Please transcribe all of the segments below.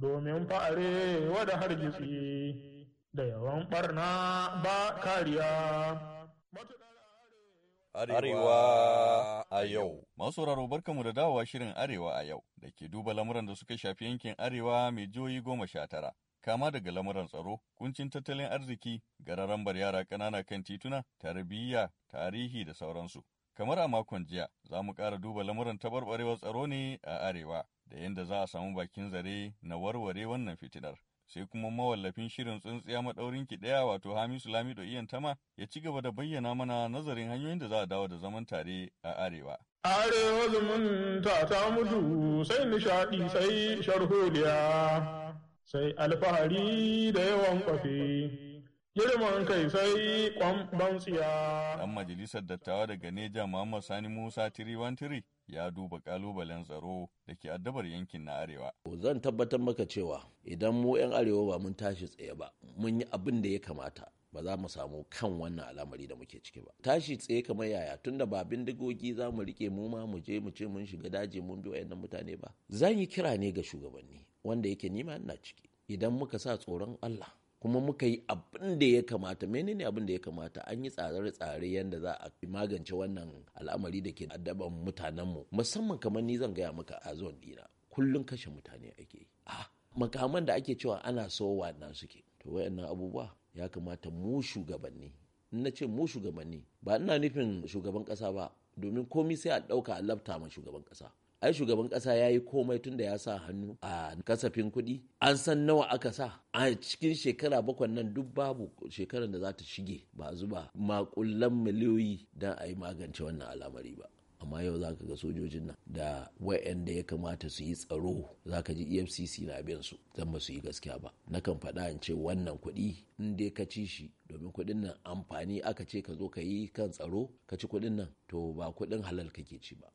domin fa'are wada hargitsi da yawan ɓarna ba kariya. Arewa a yau. Masu sauraro barkamu da dawowa shirin Arewa a yau da ke duba lamuran da suka shafi yankin Arewa mai jihohi goma sha tara. Kama daga lamuran tsaro, kuncin tattalin arziki, bar, yara ƙanana kan tituna, tarbiyya, tarihi da sauransu. Kamar a makon jiya, za mu ƙara duba lamuran taɓarɓarewar tsaro ne a Arewa. da yadda za a samu bakin zare na warware wannan fitinar. sai kuma mawallafin shirin tsintsiya maɗaurin ki ɗaya wato Hamisu Lamido Iyan Tama ya ci gaba da bayyana mana nazarin hanyoyin da za a dawo da zaman tare a Arewa. Arewa zumunta ta mutu sai nishaɗi sai sharholiya sai alfahari da yawan kwafe. girman kai sai kwamban Ɗan majalisar dattawa daga Neja Muhammad Sani Musa Tiri ya duba kalubalen tsaro da ke addabar yankin na Arewa. Zan tabbatar maka cewa idan mu 'yan Arewa ba mun tashi tsaye ba, mun yi abin da ya kamata. ba za mu samu kan wannan al'amari da muke ciki ba tashi tsaye kamar yaya tun da ba bindigogi za mu rike mu ma mu je mu ce mun shiga daji mun bi wayannan mutane ba zan yi kira ne ga shugabanni wanda yake nima ina ciki idan muka sa tsoron Allah kuma muka yi abin da ya kamata menene abin da ya kamata an yi tsare-tsare yadda za a magance wannan al'amari da ke addaban mutanenmu musamman kamar ni zan gaya maka a zuwan dina kullum kashe mutane ake yi ah makaman da ake cewa ana sowa na suke to wayannan abubuwa ya kamata mu shugabanni na ce mu shugabanni ba ina nufin shugaban ƙasa ba domin komi sai a ɗauka a labta ma shugaban ƙasa ai shugaban kasa ya yi komai da ya sa hannu a kasafin kuɗi an san nawa aka sa a cikin shekara bakwai nan duk babu shekarar da za ta shige ba zuba makullan miliyoyi don a yi magance wannan al'amari ba amma yau za ka ga sojojin nan da wayanda ya kamata su yi tsaro za ka ji efcc na bin su zan ba su yi gaskiya ba nakan faɗa in ce wannan kuɗi in dai ka ci shi domin kuɗin nan amfani aka ce ka zo ka yi kan tsaro ka ci kuɗin nan to ba kuɗin halal kake ci ba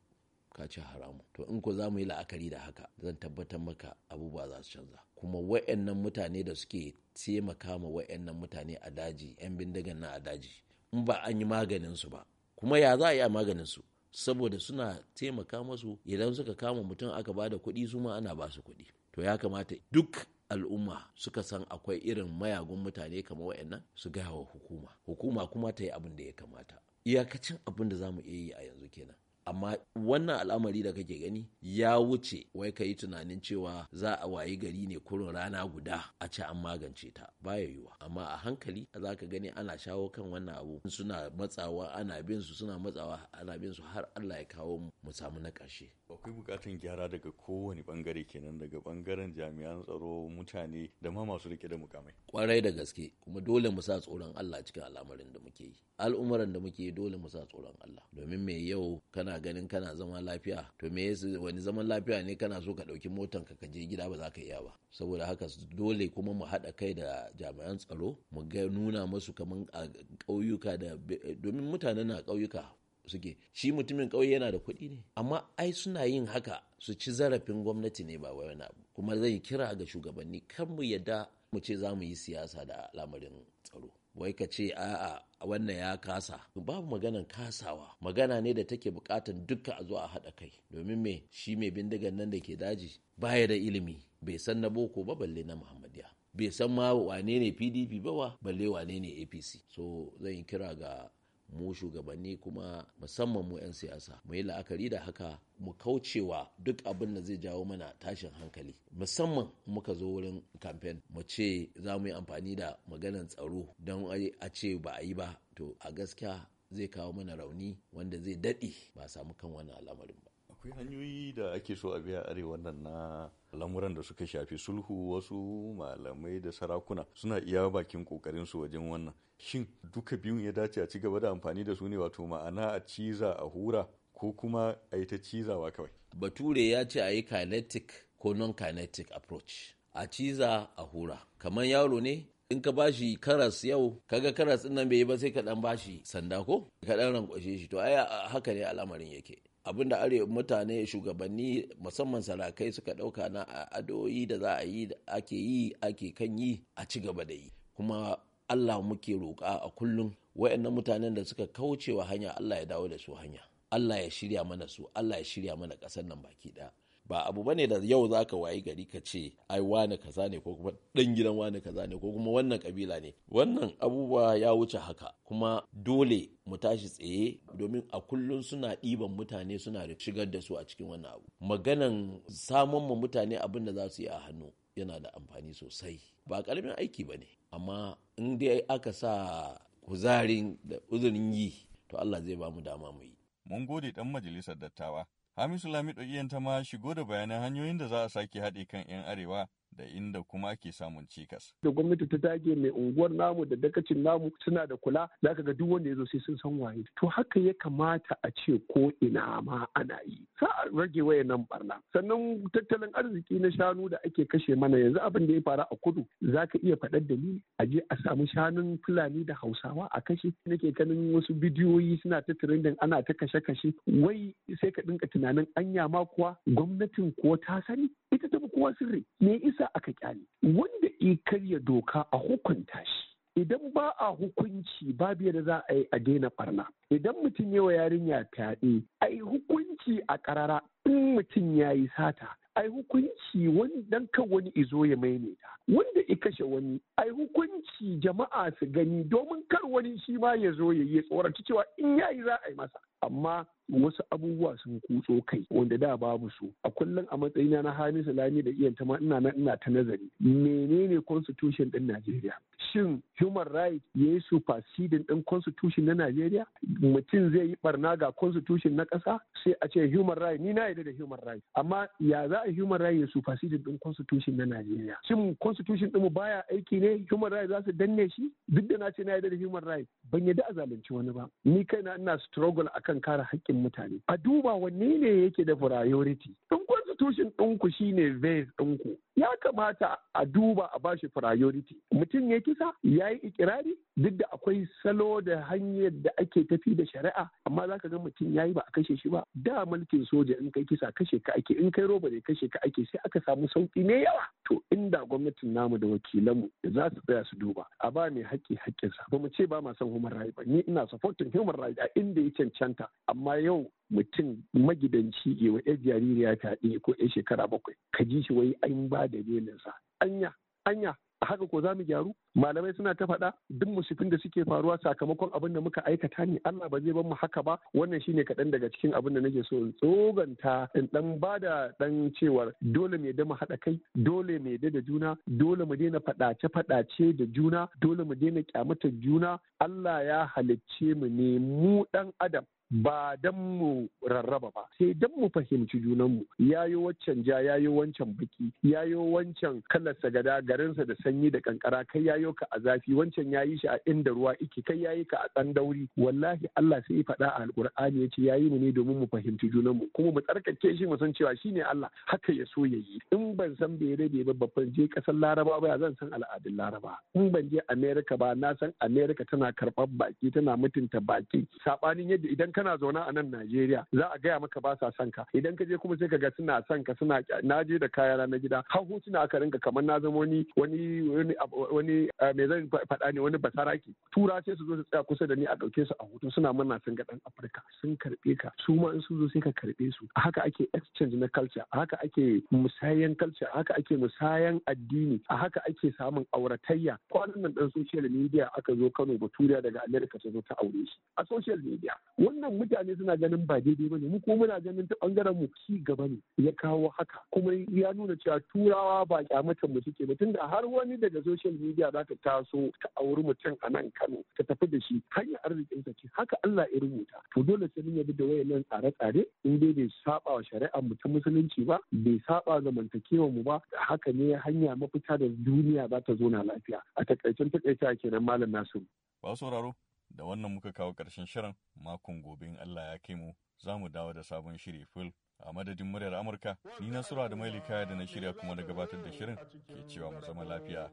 ka ci haramu to in ku za mu yi la'akari da haka zan tabbatar maka abubuwa za su canza kuma wayannan mutane da suke taimaka ma wayannan mutane a daji 'yan bindigan na a daji in ba an yi maganin su ba kuma ya za a yi a maganin su saboda suna taimaka masu idan suka kama mutum aka ba da kuɗi su ma ana ba su kuɗi to ya kamata duk al'umma suka san akwai irin mayagun mutane kamar wayannan. su gaya wa hukuma hukuma kuma ta yi abin da ya kamata iyakacin abin da za mu iya yi a yanzu kenan amma wannan al'amari da kake gani ya wuce wai ka yi tunanin cewa za a wayi gari ne kurin rana guda a ce an magance ta baya yiwa amma a hankali za ka gani ana shawo kan wannan abu suna matsawa ana bin su suna matsawa ana bin su har Allah ya kawo mu samu na ƙarshe akwai bukatun gyara daga kowane bangare kenan daga bangaren jami'an tsaro mutane da ma masu rike da mukamai kwarai da gaske kuma dole mu sa tsoron Allah cikin al'amarin da muke yi al'umuran da muke yi dole mu sa tsoron Allah domin mai yau kana kana ganin kana zaman lafiya to me wani zaman lafiya ne kana so ka ɗauki motan ka je gida ba za ka iya ba saboda haka dole kuma mu haɗa kai da jami'an tsaro mu ga nuna musu kaman a ƙauyuka da domin mutane na ƙauyuka suke shi mutumin ƙauye yana da kuɗi ne amma ai suna yin haka su ci zarafin gwamnati ne ba wani abu kuma zai kira ga shugabanni kan mu yadda mu ce za mu yi siyasa da lamarin tsaro wai ka ce a'a wannan ya kasa babu maganan kasawa magana ne da take bukatan dukka a zuwa haɗa kai domin me shi mai bindigan nan da ke daji baya da ilimi bai san na boko ba balle na muhammadiya bai san ma wane ne pdp ba wa balle wane ne apc so zan yi kira ga mu shugabanni kuma musamman mu 'yan siyasa mu yi la'akari da haka mu kaucewa duk abin da zai jawo mana tashin hankali musamman muka zo wurin kamfen mu ce za mu yi amfani da maganar tsaro don a ce ba a yi ba to a gaskiya zai kawo mana rauni wanda zai daɗe ba samu kan wani al'amarin ba akwai hanyoyi da ake so a biya arewa wannan na lamuran da suka shafi sulhu wasu malamai da sarakuna suna iya bakin kokarin su wajen wannan shin duka biyun ya dace a ci gaba da amfani da su ne wato ma'ana a ciza a hura ko kuma a yi ta cizawa kawai bature ya ce a yi kinetic ko non kinetic approach a ciza a hura kamar yaro ne in ka bashi karas yau kaga karas din nan bai yi ba sai ka dan bashi sanda ko ka dan rankwashe shi to ai haka ne al'amarin yake abin da arewa mutane shugabanni musamman sarakai suka ɗauka na adoyi da za a yi ake yi ake kan yi a ci gaba da yi kuma allah muke roƙa a kullum wayannan mutanen da suka kauce hanya allah ya dawo da su hanya allah ya shirya mana su allah ya shirya mana ƙasar nan baki ɗaya ba abu ba ne da yau za ka wayi gari ka ce ai wani kaza ne ko kuma dan gidan wani kaza ne ko kuma wannan kabila ne wannan abubuwa ya wuce haka kuma dole mu tashi tsaye domin a kullum suna ɗiban mutane suna shigar da su a cikin wannan abu maganan samun ma mutane abin da za su yi a hannu yana da amfani sosai ba ƙaramin aiki ba ne amma in dai aka sa kuzarin da uzurin yi to Allah zai ba mu dama mu yi. Mun gode ɗan majalisar dattawa Hamisu Lamido ta ma shigo da bayanan hanyoyin da za a sake haɗe kan 'yan Arewa da inda kuma ke samun cikas. Da gwamnati ta dage mai unguwar namu da dakacin namu suna da kula za ka ga duk wanda ya zo sai sun san waye. To haka ya kamata a ce ko ina ma ana yi. Sa a rage waye nan barna. Sannan tattalin arziki na shanu da ake kashe mana yanzu abin da ya faru a kudu za ka iya faɗar da ni a je a samu shanun Fulani da Hausawa a kashe. Nake ganin wasu bidiyoyi suna ta trending ana ta kashe-kashe. Wai sai ka dinka tunanin anya ma kuwa gwamnatin ko ta sani ita ta kowa sirri. Me isa da aka kyale wanda i karya doka a hukunta shi idan ba a hukunci babu yadda za a yi a daina barna idan mutum yawa yarinya fyaɗe a yi hukunci a karara in mutum ya yi sata ai hukunci wani dan kan wani izo ya maimaita wanda i kashe wani ai hukunci jama'a su gani domin kar wani shi ma ya zo ya yi tsoron cewa in yayi za a yi masa amma wasu abubuwa sun kutso kai wanda da babu su a kullum a matsayina na hamisu lami da iyan ta ina nan ina ta nazari menene constitution din Najeriya shin human rights ya yi superseding din constitution na Najeriya mutum zai yi barna ga constitution na kasa? sai a ce human rights ni na yarda da human rights amma ya za a human rights ya superseding din constitution na Najeriya shin constitution din mu baya aiki ne human rights za su danne shi duk da na ce na yarda da human rights ban yarda a zalunci wani ba ni kaina ina struggle akan kan kare haƙƙin mutane a duba wanne ne yake da priority in constitution ɗinku shi ne vase ɗinku ya kamata a duba a bashi priority mutum ya kisa ya yi ikirari duk da akwai salo da hanyar da ake tafi da shari'a amma za ka ga mutum ya yi ba a kashe shi ba da mulkin soja in kai kisa kashe ka ake in kai roba ne kashe ka ake sai aka samu sauki ne yawa to da gwamnatin namu da wakilanmu da za su tsaya su duba a ba mai haƙƙi haƙƙinsa ba mu ce ba ma son human rights ba ni ina supporting human rights a inda ya cancanta amma yau mutum magidanci ya wa yar jaririya fyaɗe ko yar shekara bakwai ka ji shi wai an ba da belinsa anya anya haka ko za mu gyaru malamai suna ta faɗa duk musifin da suke faruwa sakamakon abin da muka aikata ne Allah ba zai bar mu haka ba wannan shine kaɗan daga cikin abin da nake so in tsoganta in dan bada dan cewar dole mu da mu haɗa kai dole mu da juna dole mu daina faɗace faɗace da juna dole mu daina kyamata juna Allah ya halicce mu ne mu dan adam ba dan mu rarraba ba sai don mu fahimci junanmu ya yi waccan ja ya yi wancan baki yi wancan kalar sagada garinsa da sanyi da kankara kai yayo ka a zafi wancan ya yi shi a inda ruwa iki kai yi ka a tsandauri. dauri wallahi Allah sai ya faɗa a alƙur'ani ya yi mu ne domin mu fahimci junanmu kuma mu tsarkake shi mu san cewa shi ne Allah haka ya so ya yi. in ban san bai rabe ba babban je kasar Laraba ba zan san al'adun Laraba in ban je Amerika ba na san Amerika tana karɓar baki tana mutunta baki saɓanin yadda idan ka kana zaune a nan Najeriya za a gaya maka ba sa son ka idan ka je kuma sai ka ga suna son ka suna na je da kaya na gida har hotuna aka rinka kamar na zama wani wani wani eh, me zan faɗa ne wani basaraki tura sai su zo su tsaya kusa da ni a ɗauke su a hoto suna murna sun ga ɗan Afirka sun karɓe ka su ma in sun zo sai ka karɓe su a haka ake exchange na culture a haka ake musayan culture a haka ake musayan addini a haka ake samun auratayya kwanan nan dan social media aka zo Kano Baturiya daga America ta zo ta aure shi a social media wannan mutane suna ganin ba daidai bane mu kuma muna ganin ta bangaren mu ci gaba ne ya kawo haka kuma ya nuna cewa turawa ba kyamatan mu suke ba tunda har wani daga social media za ta taso ta auri mutum a nan Kano ta tafi da shi hanyar arzikin sa ce haka Allah ya rubuta to dole sai mun yabi da wayannan tsare-tsare in dai bai saba wa shari'ar mu ta musulunci ba bai saba zamantakewa mu ba haka ne hanya mafita da duniya za ta zo na lafiya a takaicen takaita kenan malam Nasiru ba sauraro Da wannan muka kawo ƙarshen shirin makon gobe in Allah ya kai mu za mu dawo da sabon shiri fil a madadin muryar Amurka ni na sura da mai kaya da na shirya kuma na gabatar da shirin ke cewa mu zama lafiya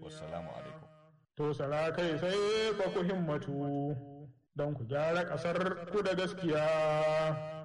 wassalamu alaikum. To sala kai sai ba ku himmatu don ku gyara ƙasar ku da gaskiya.